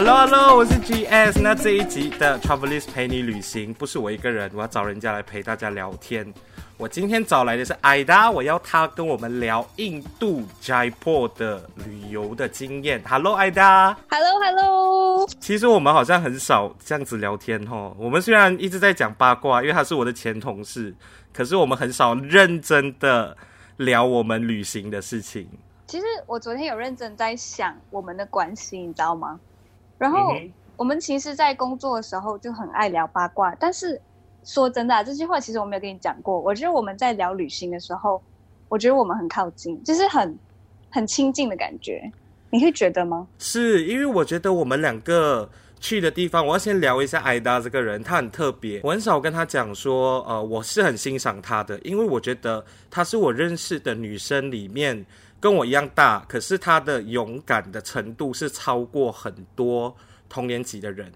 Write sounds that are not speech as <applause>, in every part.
Hello，Hello，hello, 我是 GS。那這一集的 Travelist 陪你旅行，不是我一個人，我要找人家來陪大家聊天。我今天找來的是 Ida，我要她跟我們聊印度 Jaipur 的旅遊的經驗。Hello，Ida。Hello，Hello hello。其實我們好像很少這樣子聊天哦。我們雖然一直在講八卦，因為她是我的前同事，可是我們很少認真的聊我們旅行的事情。其實我昨天有認真在想我們的關係，你知道嗎？然後我們其實，在工作的時候就很愛聊八卦。但是說真的，啊，這句話其實我沒有跟你講過。我覺得我們在聊旅行的時候，我覺得我們很靠近，就是很很親近的感覺。你會覺得嗎？是因為我覺得我們兩個去的地方，我要先聊一下艾達這個人，她很特別。我很少跟她講說，呃，我是很欣賞她的，因為我覺得她是我認識的女生裡面。跟我一樣大，可是他的勇敢的程度是超過很多同年級的人，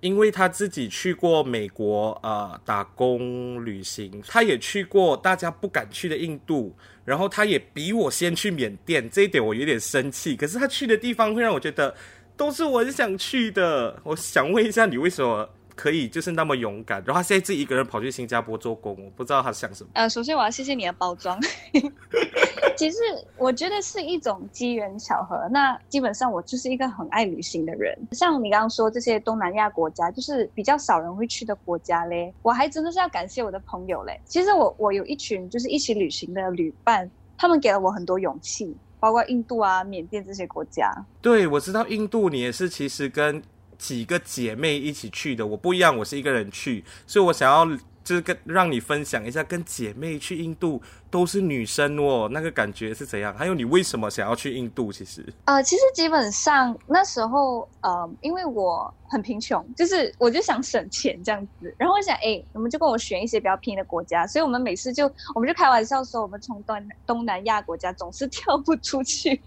因為他自己去過美國啊，呃，打工旅行，他也去過大家不敢去的印度，然後他也比我先去緬甸，這一點我有點生氣。可是他去的地方會讓我覺得都是我很想去的，我想問一下你為什麼？可以，就是那麼勇敢，然後他現在自己一個人跑去新加坡做工，我不知道他想什麼。呃，首先我要謝謝你的包裝。 <laughs> 其實我覺得是一種機緣巧合。那基本上我就是一個很愛旅行的人，像你剛剛說這些東南亞國家，就是比較少人會去的國家嘞。我還真的是要感謝我的朋友嘞。其實我我有一群就是一起旅行的旅伴，他們給了我很多勇氣，包括印度啊、緬甸這些國家。對，我知道印度，你也是，其實跟。幾個姐妹一起去的，我不一樣，我是一個人去，所以我想要就是跟讓你分享一下，跟姐妹去印度都是女生哦，那個感覺是怎樣？還有你為什麼想要去印度？其實，呃，其實基本上那時候，呃，因為我很貧窮，就是我就想省錢這樣子，然後我想，誒、欸，你們就跟我選一些比較便宜的國家，所以我們每次就我們就開玩笑說，我們從東東南亞國家總是跳不出去，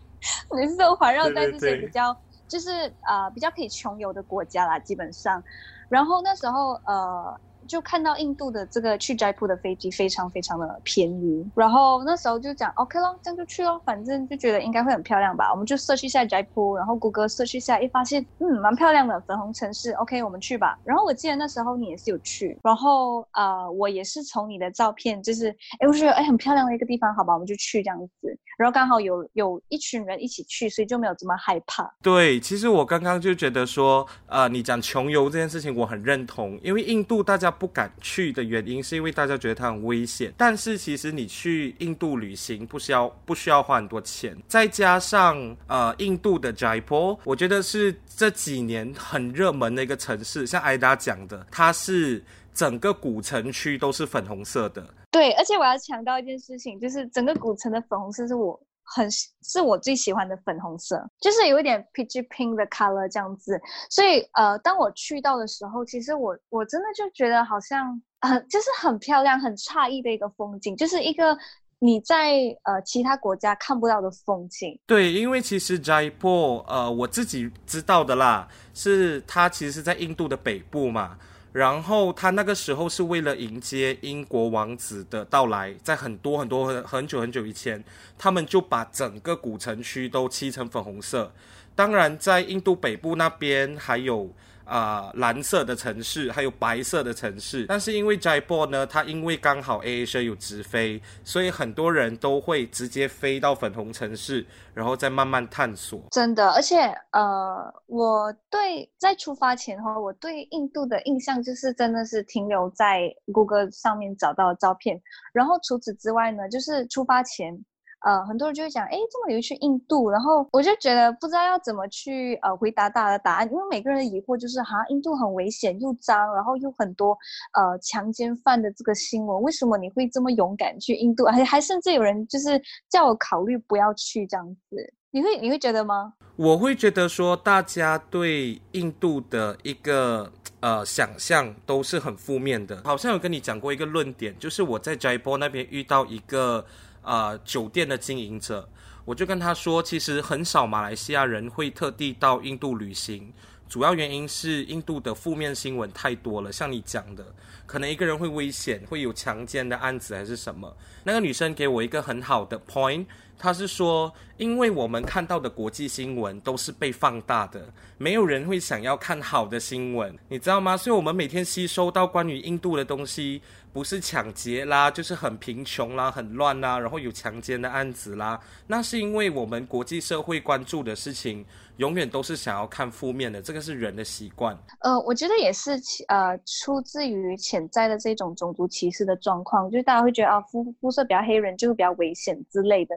每次都環繞在這些比較，對對對。就是啊、呃，比較可以窮遊的國家啦，基本上。然後那時候呃，就看到印度的這個去齋浦的飛機非常非常的便宜。然後那時候就講 OK 咯，這樣就去咯，反正就覺得應該會很漂亮吧。我們就 search 一下齋浦，然後谷歌 search 一下，一發現嗯蠻漂亮的粉紅城市，OK 我們去吧。然後我記得那時候你也是有去，然後呃我也是從你的照片就是哎我覺得誒很漂亮的一個地方，好吧，我們就去這樣子。然後剛好有有一群人一起去，所以就沒有這麼害怕。對，其實我剛剛就覺得說，呃，你講窮遊這件事情，我很認同。因為印度大家不敢去的原因，是因為大家覺得它很危險。但是其實你去印度旅行，不需要不需要花很多錢，再加上呃，印度的齋浦爾，我覺得是這幾年很熱門的一個城市。像 Ida 講的，它是。整個古城區都是粉紅色的，對，而且我要強調一件事情，就是整個古城的粉紅色是我很是我最喜歡的粉紅色，就是有一點 peach pink 的 color 這樣子。所以呃，當我去到的時候，其實我我真的就覺得好像、呃，就是很漂亮，很詫異的一個風景，就是一個你在呃其他國家看不到的風景。對，因為其實齋浦爾呃我自己知道的啦，是它其實是在印度的北部嘛。然後他那個時候是為了迎接英國王子的到來，在很多很多很久很久以前，他們就把整個古城區都漆成粉紅色。當然，在印度北部那邊還有。啊、呃，藍色的城市還有白色的城市，但是因為 Jaipur 呢，它因為剛好 AirAsia 有直飛，所以很多人都會直接飛到粉紅城市，然後再慢慢探索。真的，而且呃，我對在出發前的話，我對印度的印象就是真的是停留在谷歌上面找到的照片，然後除此之外呢，就是出發前。呃，很多人就會講，哎，這麼有去印度，然後我就覺得不知道要怎麼去呃回答大家的答案，因為每個人的疑惑就是，好像印度很危險，又髒，然後又很多呃強姦犯的這個新聞，為什麼你會這麼勇敢去印度？還還甚至有人就是叫我考慮不要去這樣子。你會你會覺得嗎？我會覺得說，大家對印度的一個呃想象都是很負面的，好像有跟你講過一個論點，就是我在 Jaipur 那邊遇到一個。呃，酒店的經營者，我就跟他說，其實很少馬來西亞人會特地到印度旅行，主要原因是印度的負面新聞太多了，像你講的，可能一個人會危險，會有強姦的案子還是什麼。那個女生給我一個很好的 point。他是說，因為我們看到的國際新聞都是被放大的，沒有人會想要看好的新聞，你知道嗎？所以，我們每天吸收到關於印度的東西，不是搶劫啦，就是很貧窮啦，很亂啦，然後有強奸的案子啦。那是因為我們國際社會關注的事情，永遠都是想要看負面的，這個是人的習慣。呃，我覺得也是，呃，出自於潛在的這種種族歧視的狀況，就是大家會覺得啊，膚膚色比較黑人就會比較危險之類的。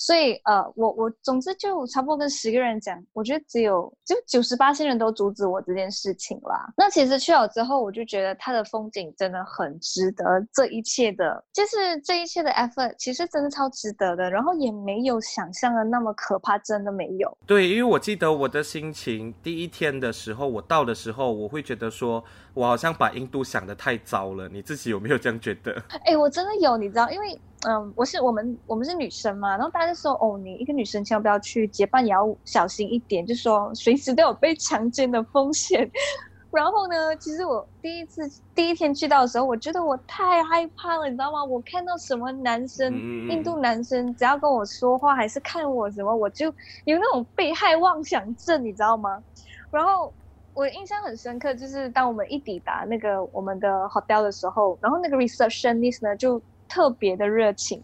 所以呃，我我總之就差不多跟十個人講，我覺得只有就九十八趴的人都阻止我這件事情啦。那其實去了之後，我就覺得它的風景真的很值得這一切的，就是這一切的 effort，其實真的超值得的。然後也沒有想象的那麼可怕，真的沒有。對，因為我記得我的心情，第一天的時候我到的時候，我會覺得說我好像把印度想得太糟了。你自己有沒有這樣覺得？哎、欸，我真的有，你知道，因為。嗯、um,，我是我們，我們是女生嘛，然後大家就說，哦，你一個女生千萬不要去結伴，也要小心一點，就說隨時都有被強姦的風險。 <laughs> 然後呢，其實我第一次第一天去到的時候，我覺得我太害怕了，你知道嗎？我看到什麼男生，嗯、印度男生只要跟我說話還是看我什麼，我就有那種被害妄想症，你知道嗎？然後我印象很深刻，就是當我們一抵達那個我們的 hotel 的時候，然後那個 receptionist 呢就。特別的熱情，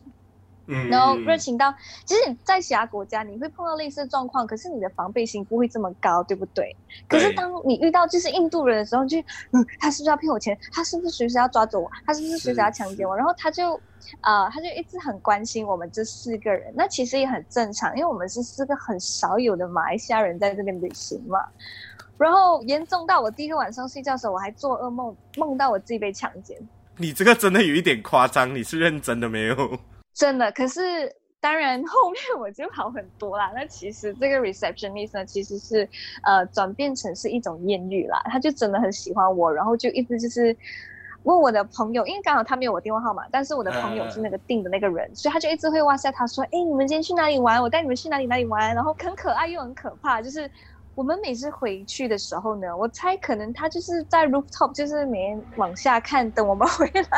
嗯，然後熱情到、嗯，其實你在其他國家你會碰到類似狀況，可是你的防備心不會這麼高，對不對？對。可是當你遇到就是印度人的時候，就嗯，他是不是要騙我錢？他是不是隨時要抓走我？他是不是隨時要強姦我？然後他就，啊、呃，他就一直很關心我們這四個人，那其實也很正常，因為我們是四個很少有的馬來西亞人在這邊旅行嘛。然後嚴重到我第一個晚上睡覺的時候，我還做噩夢，夢到我自己被強姦。你這個真的有一點誇張，你是認真的沒有？真的，可是當然後面我就好很多啦。那其實這個 receptionist 呢，其實是呃轉變成是一種豔遇啦，他就真的很喜歡我，然後就一直就是問我的朋友，因為剛好他沒有我電話號碼，但是我的朋友是那個訂的那個人，呃、所以他就一直會哇塞，他說：“哎、欸，你們今天去哪裡玩？我帶你們去哪裡哪裡玩。”然後很可愛又很可怕，就是。我們每次回去的時候呢，我猜可能他就是在 rooftop，就是每天往下看，等我們回來。 <laughs>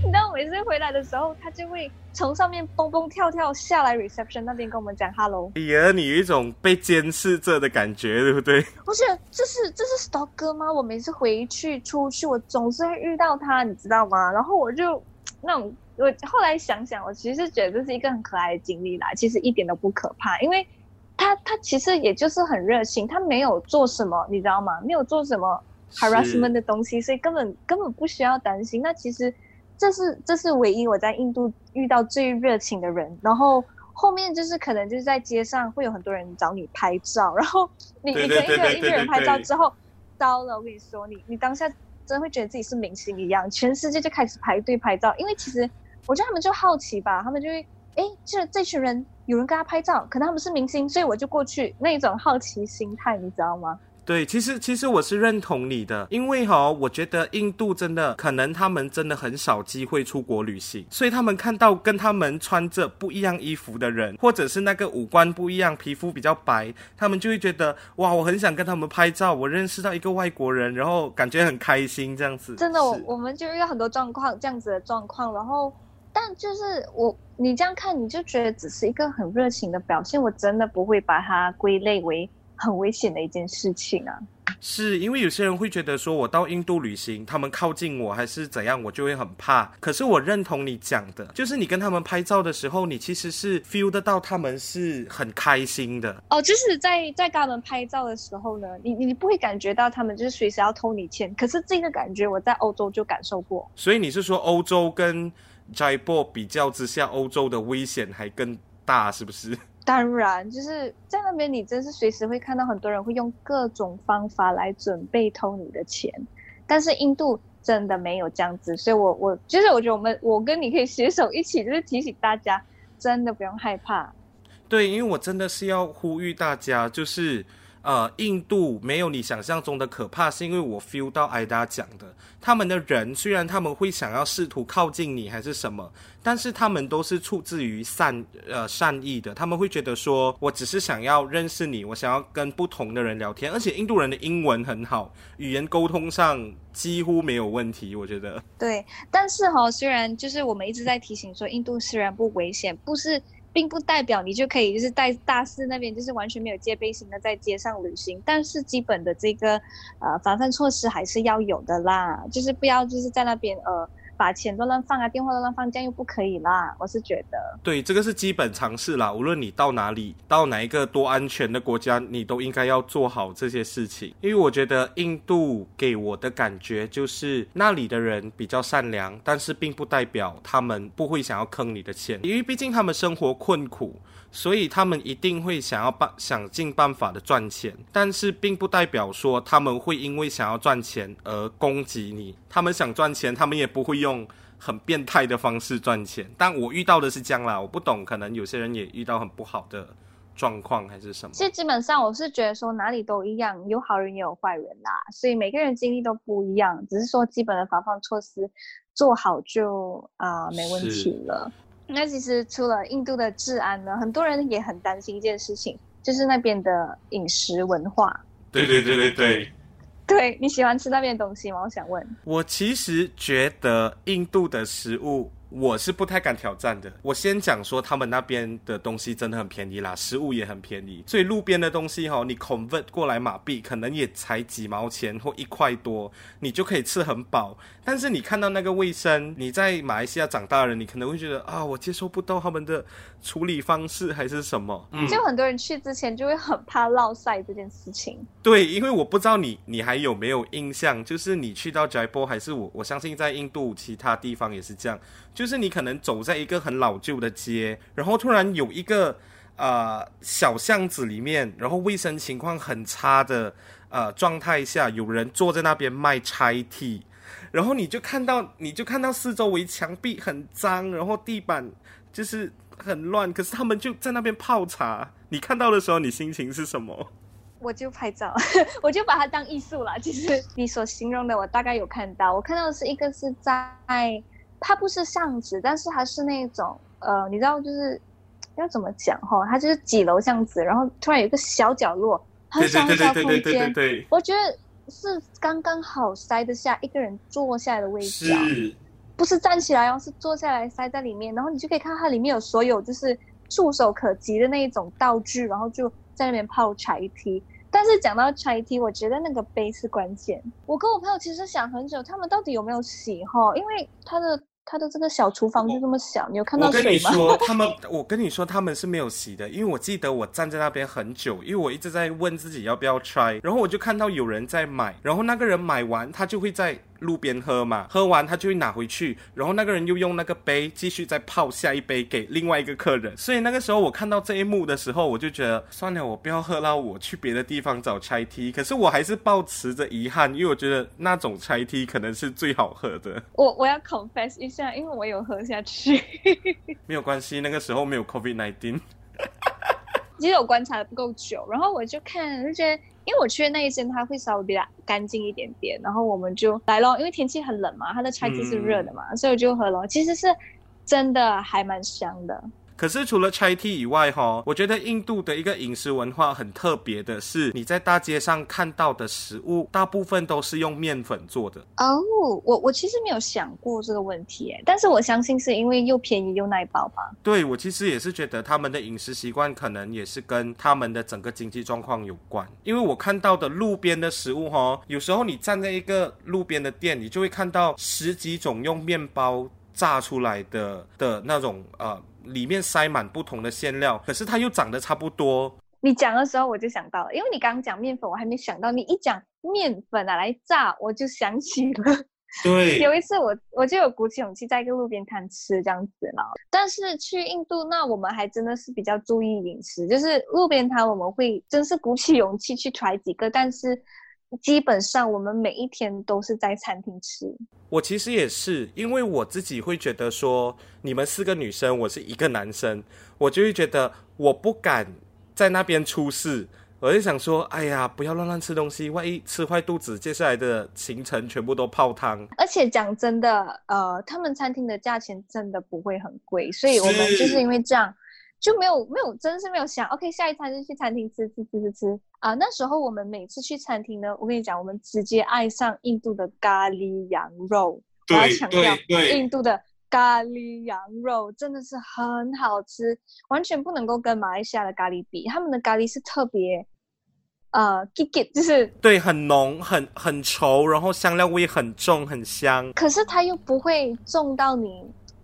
你知道，每次回來的時候，他就會從上面蹦蹦跳跳下來，reception 那邊跟我們講 hello。你有一種被監視着的感覺，對不對？不是，這是這是 stalker 嗎？我每次回去出去，我總是會遇到他，你知道嗎？然後我就那種，我後來想想，我其實覺得這是一個很可愛的經歷啦，其實一點都不可怕，因為。他他其實也就是很熱情，他沒有做什麼，你知道嗎？沒有做什麼 harassment 的東西，所以根本根本不需要擔心。那其實這是這是唯一我在印度遇到最熱情的人。然後後面就是可能就是在街上會有很多人找你拍照，然後你你跟一個一個人，人拍照之後，糟了，我跟你說，你你當下真的會覺得自己是明星一樣，全世界就開始排隊拍照，因為其實我覺得他們就好奇吧，他們就會。哎，這這群人有人跟他拍照，可能他們是明星，所以我就過去，那種好奇心態，你知道嗎？對，其實其實我是認同你的，因為哈、哦，我覺得印度真的可能他們真的很少機會出國旅行，所以他們看到跟他們穿着不一樣衣服的人，或者是那個五官不一樣、皮膚比較白，他們就會覺得哇，我很想跟他們拍照，我認識到一個外國人，然後感覺很開心這樣子。真的，我們就遇到很多狀況這樣子的狀況，然後。但就是我，你這樣看你就覺得只是一個很熱情的表現，我真的不會把它歸類為很危險的一件事情啊。是因為有些人會覺得說，我到印度旅行，他們靠近我還是怎樣，我就會很怕。可是我認同你講的，就是你跟他們拍照的時候，你其實是 feel 得到他們是很開心的。哦，就是在在跟他們拍照的時候呢，你你不會感覺到他們就是隨時要偷你錢，可是這個感覺我在歐洲就感受過。所以你是說歐洲跟？在波比較之下，歐洲的危險還更大，是不是？當然，就是在那邊，你真是隨時會看到很多人會用各種方法來準備偷你的錢。但是印度真的沒有這樣子，所以我我其實、就是、我覺得我們我跟你可以攜手一起，就是提醒大家，真的不用害怕。對，因為我真的是要呼籲大家，就是。呃，印度沒有你想象中的可怕，是因為我 feel 到 Ida 講的，他們的人雖然他們會想要試圖靠近你還是什麼，但是他們都是出自於善呃善意的，他們會覺得說我只是想要認識你，我想要跟不同的人聊天，而且印度人的英文很好，語言溝通上幾乎沒有問題，我覺得。對，但是哈、哦，雖然就是我們一直在提醒說，印度雖然不危險，不是。並不代表你就可以就是在大四那邊，就是完全沒有戒備心的在街上旅行，但是基本的這個呃防範措施還是要有的啦，就是不要就是在那邊呃。把錢都亂放啊，電話都亂放，這樣又不可以啦。我是覺得，對，這個是基本常識啦。無論你到哪裡，到哪一個多安全的國家，你都應該要做好這些事情。因為我覺得印度給我的感覺就是那裡的人比較善良，但是並不代表他們不會想要坑你的錢，因為畢竟他們生活困苦。所以他們一定會想要辦，想盡辦法的賺錢，但是並不代表說他們會因為想要賺錢而攻擊你。他們想賺錢，他們也不會用很變態的方式賺錢。但我遇到的是這樣啦，我不懂，可能有些人也遇到很不好的狀況還是什麼。其實基本上我是覺得說哪裡都一樣，有好人也有壞人啦，所以每個人經歷都不一樣，只是說基本的防範措施做好就啊，呃，沒問題了。那其實除了印度的治安呢，很多人也很擔心一件事情，就是那邊的飲食文化。對對對對對。對，你喜歡吃那邊的東西嗎？我想問。我其實覺得印度的食物。我是不太敢挑戰的。我先講說，他們那邊的東西真的很便宜啦，食物也很便宜，所以路邊的東西哈、哦，你 convert 過來馬幣可能也才幾毛錢或一塊多，你就可以吃很飽。但是你看到那個衛生，你在馬來西亞長大的人，你可能會覺得啊，我接受不到他們的處理方式還是什麼。就、嗯、很多人去之前就會很怕落曬這件事情。對，因為我不知道你你還有沒有印象，就是你去到齋浦還是我我相信在印度其他地方也是這樣。就是你可能走在一個很老舊的街，然後突然有一個呃小巷子裡面，然後衛生情況很差的呃狀態下，有人坐在那邊賣 chai tea，然後你就看到你就看到四周圍牆壁很髒，然後地板就是很亂，可是他們就在那邊泡茶。你看到的時候，你心情是什麼？我就拍照， <laughs> 我就把它當藝術了。其實你所形容的，我大概有看到。我看到的是一個是在。它不是巷子，但是它是那種呃，你知道就是，要怎麼講哈？它就是幾樓巷子，然後突然有一個小角落，很小很小空間，我覺得是剛剛好塞得下一個人坐下來的位置啊，是。不是站起來，哦，而是坐下來塞在裡面，然後你就可以看到它裡面有所有就是觸手可及的那一種道具，然後就在那邊泡茶梯。但是講到茶梯，我覺得那個杯是關鍵。我跟我朋友其實想很久，他們到底有沒有洗哈？因為它的。他的這個小廚房就這麼小，你有看到洗嗎？我跟你說，他們，我跟你說，他們是沒有洗的，因為我記得我站在那邊很久，因為我一直在問自己要不要 try，然後我就看到有人在買，然後那個人買完，他就會在。路邊喝嘛，喝完他就會拿回去，然後那個人又用那個杯繼續再泡下一杯給另外一個客人。所以那個時候我看到這一幕的時候，我就覺得算了，我不要喝了，我去別的地方找拆梯。可是我還是抱持着遺憾，因為我覺得那種拆梯可能是最好喝的。我我要 confess 一下，因為我有喝下去。 <laughs> 沒有關係，那個時候沒有 COVID-19。 <laughs> 其實我觀察得不夠久，然後我就看那些。因為我去的那一間，它會稍微比較乾淨一點點，然後我們就來咯。因為天氣很冷嘛，它的菜就是熱的嘛、嗯，所以我就喝了。其實是真的還蠻香的。可是除了 chai tea 以外，哈，我覺得印度的一個飲食文化很特別的是，你在大街上看到的食物大部分都是用麵粉做的。哦、oh,，我我其實沒有想過這個問題，但是我相信是因為又便宜又耐飽吧？對，我其實也是覺得他們的飲食習慣可能也是跟他們的整個經濟狀況有關。因為我看到的路邊的食物，哈，有時候你站在一個路邊的店，你就會看到十幾種用麵包炸出來的的那種，呃。裡面塞滿不同的餡料，可是它又長得差不多。你講的時候我就想到了，因為你剛講麵粉，我還沒想到。你一講麵粉啊來炸，我就想起了。對，有一次我我就有鼓起勇氣在一個路邊攤吃這樣子嘛。但是去印度那我們還真的是比較注意飲食，就是路邊攤我們會真是鼓起勇氣去揣幾個，但是。基本上我們每一天都是在餐廳吃。我其實也是，因為我自己會覺得說，你們四個女生，我是一個男生，我就會覺得我不敢在那邊出事。我就想說，哎呀，不要亂亂吃東西，萬一吃壞肚子，接下來的行程全部都泡湯。而且講真的，呃，他們餐廳的價錢真的不會很貴，所以我們就是因為這樣就沒有沒有，真的是沒有想，OK，下一餐就去餐廳吃吃吃吃吃。吃吃吃啊、呃，那時候我們每次去餐廳呢，我跟你講，我們直接愛上印度的咖喱羊肉。我要強調，印度的咖喱羊肉真的是很好吃，完全不能夠跟馬來西亞的咖喱比。他們的咖喱是特別，呃，kick kick，就是對，很濃，很很稠，然後香料味很重，很香。可是它又不會重到你，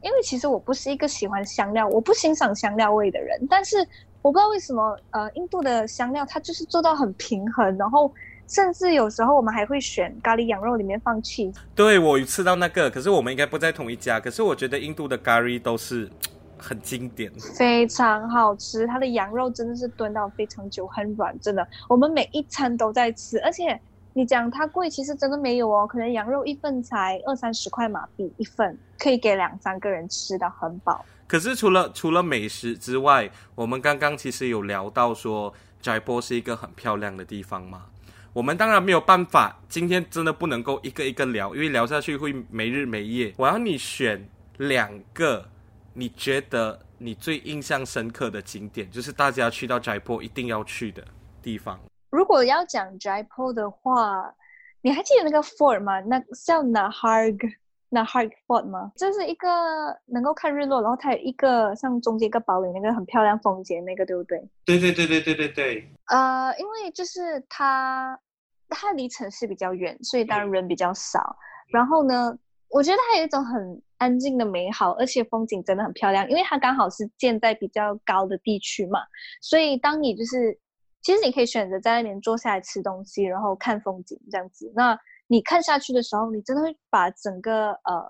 因為其實我不是一個喜歡香料，我不欣賞香料味的人，但是。我不知道為什麼，呃，印度的香料它就是做到很平衡，然後甚至有時候我們還會選咖喱羊肉裡面放起司。對，我有吃到那個，可是我們應該不在同一家。可是我覺得印度的咖喱都是很經典，非常好吃。它的羊肉真的是燉到非常久，很軟，真的。我們每一餐都在吃，而且你講它貴，其實真的沒有哦。可能羊肉一份才二三十塊馬幣一份，可以給兩三個人吃得很飽。可是除了除了美食之外，我們剛剛其實有聊到說，齋浦是一個很漂亮的地方嘛。我們當然沒有辦法，今天真的不能夠一個一個聊，因為聊下去會沒日沒夜。我要你選兩個，你覺得你最印象深刻的景點，就是大家去到齋浦一定要去的地方。如果要講齋浦的話，你還記得那個 fort 嗎？那 Nahargarh。那 Hard Fort 嗎？就是一個能夠看日落，然後它有一個像中間一個堡壘，那個很漂亮風景，那個對不對？對對對對對對對。呃，因為就是它，它離城市比較遠，所以當然人比較少。然後呢，我覺得它有一種很安靜的美好，而且風景真的很漂亮，因為它剛好是建在比較高的地區嘛。所以當你就是，其實你可以選擇在那邊坐下來吃東西，然後看風景這樣子。那你看下去的時候，你真的會把整個呃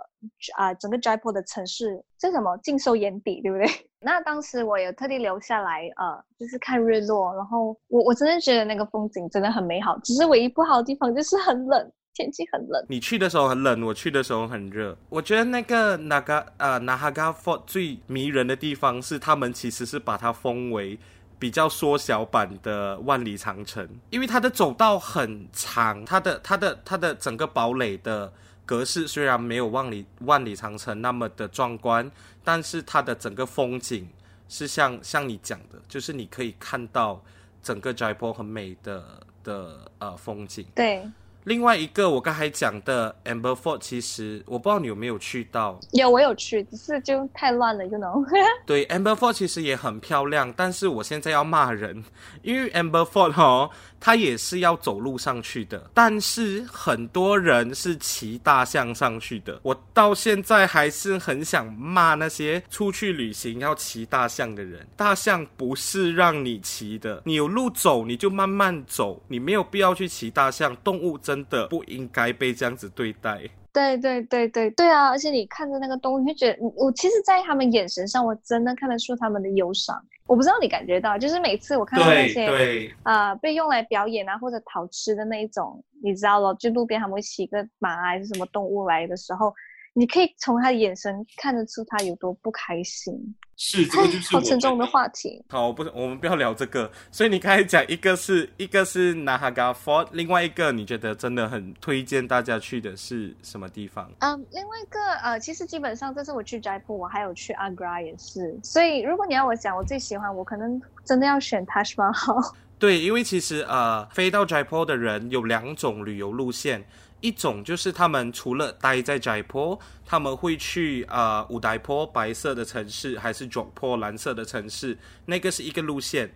啊整個 Jaipur 的城市這什麼盡收眼底，對不對？那當時我也特地留下來，呃，就是看日落，然後我我真的覺得那個風景真的很美好。只是唯一不好的地方就是很冷，天氣很冷。你去的時候很冷，我去的時候很熱。我覺得那個 Naga、呃、啊，Nahargarh Fort 最迷人的地方是他們其實是把它封為。比較縮小版的萬里長城，因為它的走道很長，它的它的它的整個堡壘的格式雖然沒有萬里萬里長城那麼的壯觀，但是它的整個風景是像像你講的，就是你可以看到整個齋浦爾很美的的呃風景。對。另外一個我剛才講的 Amber Fort，其實我不知道你有沒有去到？有，我有去，只是就太亂了，就 you know? <laughs> 對，Amber Fort 其實也很漂亮，但是我現在要罵人，因為 Amber Fort 哈，它也是要走路上去的，但是很多人是騎大象上去的。我到現在還是很想罵那些出去旅行要騎大象的人。大象不是讓你騎的，你有路走你就慢慢走，你沒有必要去騎大象，動物真的。真的不應該被這樣子對待。對對對對對啊！而且你看着那個動物，你就覺得，我其實，在他們眼神上，我真的看得出他們的憂傷。我不知道你感覺到，就是每次我看到那些對啊、呃、被用來表演啊或者討吃的那一種，你知道囉，就路邊他們會騎個馬還是什麼動物來的時候。你可以從他的眼神看得出他有多不開心。是這個就是好沉重的話題。好，我不，我們不要聊這個。所以你剛才講一個是一個是 n a h a g a Fort，另外一個你覺得真的很推薦大家去的是什麼地方？嗯，另外一個呃，其實基本上這次我去齋浦，我還有去阿 r a 也是。所以如果你要我講，我最喜歡我可能真的要選塔什門號。對，因為其實呃，飛到齋浦的人有兩種旅遊路線。一種就是他們除了待在 Jaipur 他們會去啊，Udaipur 白色的城市，還是 Jodhpur 藍色的城市，那個是一個路線。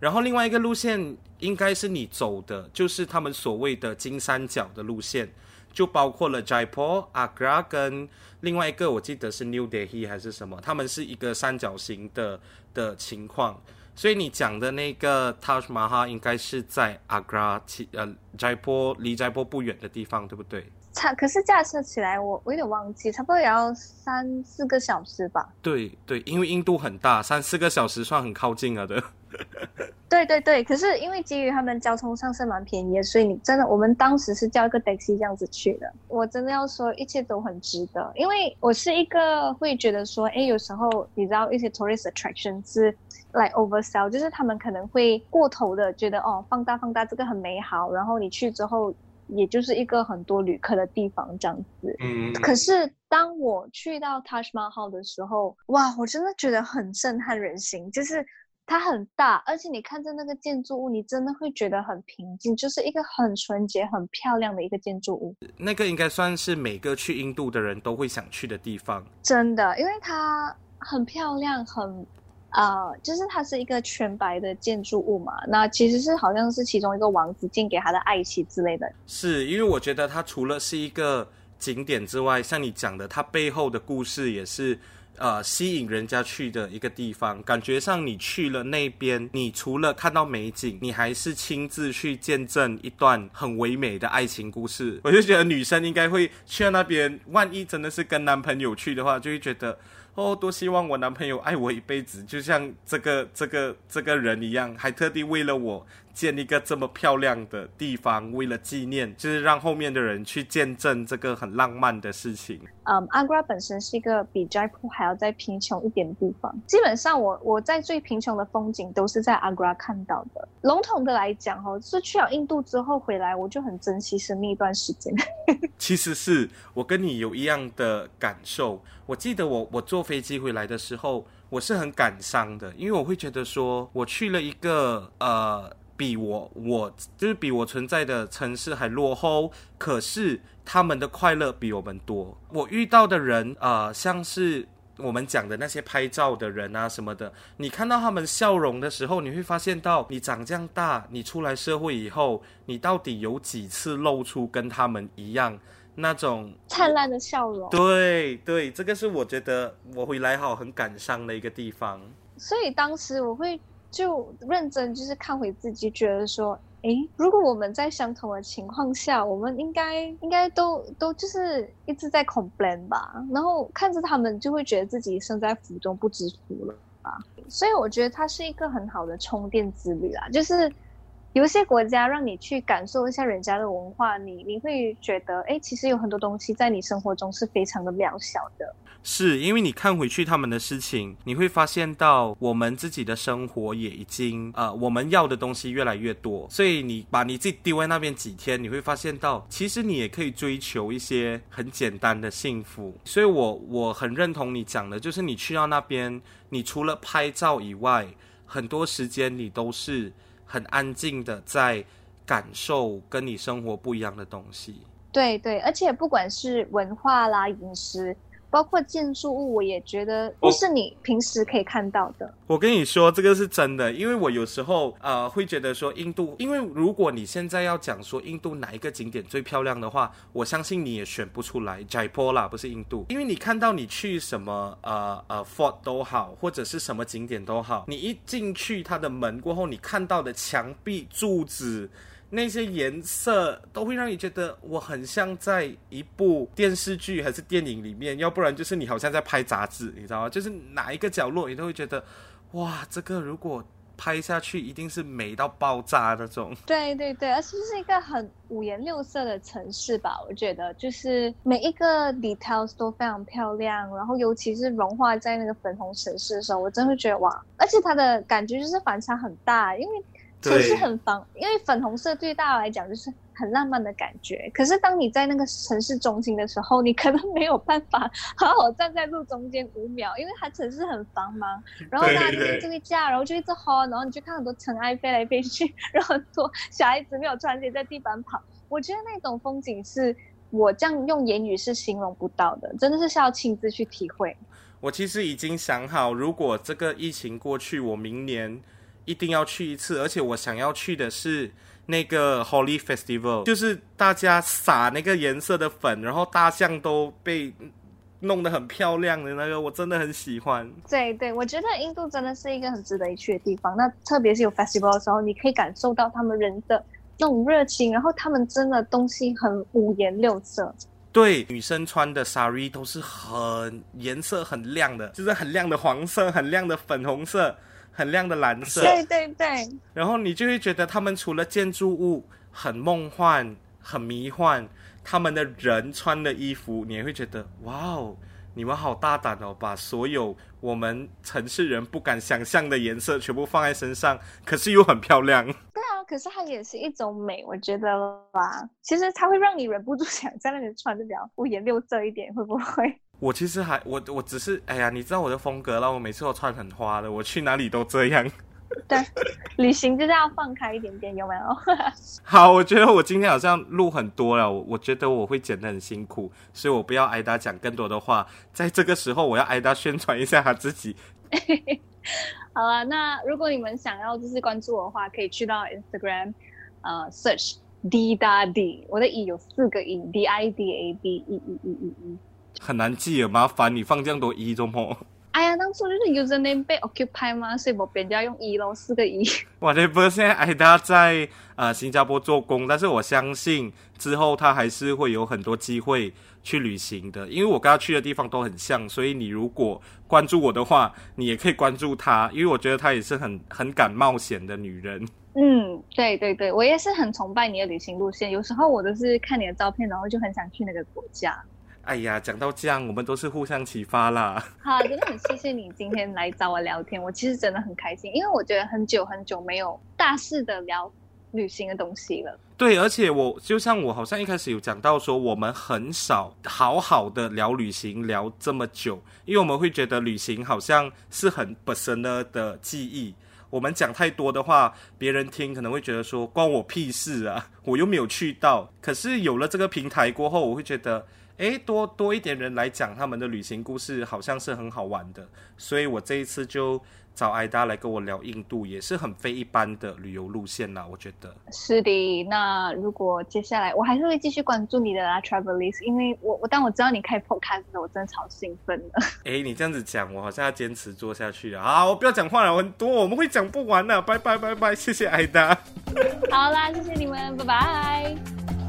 然後另外一個路線應該是你走的，就是他們所謂的金三角的路線，就包括了 Jaipur、Agra 跟另外一個，我記得是 New Delhi 還是什麼，他們是一個三角形的的情況。所以你講的那個塔什馬哈應該是在阿格拉，呃，齋浦離齋浦不遠的地方，對不對？差可是駕車起來我，我我有點忘記，差不多也要三四個小時吧。對對，因為印度很大，三四個小時算很靠近了的。對對對，對，可是因為基於他們交通上是蠻便宜的，所以你真的，我們當時是叫一個 taxi 這樣子去的。我真的要說一切都很值得，因為我是一個會覺得說，哎，有時候你知道一些 tourist attraction 是 like oversell，就是他們可能會過頭的覺得哦，放大放大這個很美好，然後你去之後，也就是一個很多旅客的地方這樣子。嗯，可是當我去到 Taj Mahal 的時候，哇，我真的覺得很震撼人心。就是它很大，而且你看着那個建築物，你真的會覺得很平靜，就是一個很純潔、很漂亮的一個建築物。那個應該算是每個去印度的人都會想去的地方。真的，因為它很漂亮，很。啊、uh，就是它是一個全白的建築物嘛，那其實是好像是其中一個王子獻給他的愛情之類的是。因為我覺得它除了是一個景點之外，像你講的，它背後的故事也是，呃，吸引人家去的一個地方。感覺上你去了那邊，你除了看到美景，你還是親自去見證一段很唯美的愛情故事。我就覺得女生應該會去到那邊，萬一真的是跟男朋友去的話，就會覺得。哦，多希望我男朋友愛我一輩子，就像這個、這個、這個人一樣，還特地為了我。建立一個這麼漂亮的地方，為了紀念，就是讓後面的人去見證這個很浪漫的事情。嗯，阿格拉本身是一個比齋浦還要再貧窮一點的地方。基本上我，我我在最貧窮的風景都是在阿格拉看到的。籠統的來講，哦，是去了印度之後回來，我就很珍惜生命一段時間。 <laughs> 其實是我跟你有一樣的感受。我記得我我坐飛機回來的時候，我是很感傷的，因為我會覺得說我去了一個呃。比我，我就是比我存在的城市還落後，可是他們的快樂比我們多。我遇到的人，啊、呃，像是我們講的那些拍照的人啊什麼的，你看到他們笑容的時候，你會發現到你長這樣大，你出來社會以後，你到底有幾次露出跟他們一樣那種燦爛的笑容？對對，這個是我覺得我回來後很感傷的一個地方。所以當時我會。就認真就是看回自己，覺得說，誒，如果我們在相同的情況下，我們應該應該都都就是一直在恐 p l a i n 吧，然後看着他們就會覺得自己身在福中不知福了吧，所以我覺得它是一個很好的充電之旅啦、啊，就是。有些國家讓你去感受一下人家的文化，你你會覺得，欸，其實有很多東西在你生活中是非常的渺小的。是，因為你看回去他們的事情，你會發現到我們自己的生活也已經，呃，我們要的東西越來越多。所以你把你自己丟在那邊幾天，你會發現到，其實你也可以追求一些很簡單的幸福。所以我我很認同你講的，就是你去到那邊，你除了拍照以外，很多時間你都是。很安靜的在感受跟你生活不一樣的東西，對對，而且不管是文化啦，飲食。包括建築物，我也覺得不是你平時可以看到的。Oh. 我跟你說，這個是真的，因為我有時候呃會覺得說，印度，因為如果你現在要講說印度哪一個景點最漂亮的話，我相信你也選不出來。齋浦爾啦不是印度，因為你看到你去什麼呃呃 fort 都好，或者是什麼景點都好，你一進去它的門過後，你看到的牆壁柱子。那些顏色都會讓你覺得我很像在一部電視劇還是電影裡面，要不然就是你好像在拍雜誌，你知道嗎？就是哪一個角落你都會覺得，哇，這個如果拍下去一定是美到爆炸的那種。對對對，而且是一個很五顏六色的城市吧？我覺得，就是每一個 details 都非常漂亮，然後尤其是融化在那個粉紅城市的時候，我真的覺得哇，而且它的感覺就是反差很大，因為。城市很繁，因為粉紅色對大家來講就是很浪漫的感覺。可是當你在那個城市中心的時候，你可能沒有辦法好好站在路中間五秒，因為它城市很繁忙。然後大家就在這個架，對對，然後就一直吼，然後你就看很多塵埃飛來飛去，然後很多小孩子沒有穿鞋在地板跑。我覺得那種風景是我這樣用言語是形容不到的，真的是需要親自去體會。我其實已經想好，如果這個疫情過去，我明年，一定要去一次，而且我想要去的是那個 Holy Festival，就是大家撒那個顏色的粉，然後大象都被弄得很漂亮的那個，我真的很喜歡。對對，我覺得印度真的是一個很值得一去的地方。那特別是有 Festival 的時候，你可以感受到他們人的那種熱情，然後他們真的東西很五顏六色。對，女生穿的 Sari 都是很顏色很亮的，就是很亮的黃色、很亮的粉紅色、很亮的藍色，對對對。然後你就會覺得，他們除了建築物很夢幻、很迷幻，他們的人穿的衣服，你也會覺得，哇哦。你們好大膽哦，把所有我們城市人不敢想象的顏色全部放在身上，可是又很漂亮。對啊，可是它也是一種美，我覺得吧。其實它會讓你忍不住想在那裡穿的比較五顏六色一點，會不會？我其實還，我我只是，哎呀，你知道我的風格啦，我每次都穿很花的，我去哪裡都這樣。對，旅行就是要放開一點點，有沒有？好，我覺得我今天好像錄很多了，我覺得我會剪得很辛苦，所以我不要 Ida 講更多的話。在這個時候，我要 Ida 宣傳一下他自己。好了，那如果你們想要就是關注我的話，可以去到 Instagram，呃，search d D d 我的 E 有四個 E，d i d a b E E E E E。很難記啊，麻煩你放這樣多 E 有沒有？哎呀，當初就是 username 被 occupy 嗎？所以我變成要用 e 咯，四個 e。我那不是現在 Ida 在呃，新加坡做工，但是我相信之後他還是會有很多機會去旅行的。因為我跟他去的地方都很像，所以你如果關注我的話，你也可以關注他，因為我覺得她也是很很敢冒險的女人。嗯，對對對，我也是很崇拜你的旅行路線。有時候我都是看你的照片，然後就很想去那個國家。哎呀，講到這樣，我們都是互相啟發啦。好，真的很謝謝你今天來找我聊天， <laughs> 我其實真的很開心，因為我覺得很久很久沒有大肆的聊旅行的東西了。對，而且我就像我好像一開始有講到說，我們很少好好的聊旅行聊這麼久，因為我們會覺得旅行好像是很 personal 的記憶。我們講太多的話，別人聽可能會覺得說關我屁事啊，我又沒有去到。可是有了這個平台過後，我會覺得。哎，多多一點人來講他們的旅行故事，好像是很好玩的。所以我這一次就找 Ida 來跟我聊印度，也是很非一般的旅遊路線啦。我覺得是的。那如果接下來，我還是會繼續關注你的 Travelist 因為我我，但我知道你開 podcast 我真的超興奮的。哎，你這樣子講，我好像要堅持做下去了啊！我不要講話了，我很多，我們會講不完的啊。拜拜拜拜，謝謝 Ida。 <laughs> 好啦，謝謝你們，拜拜。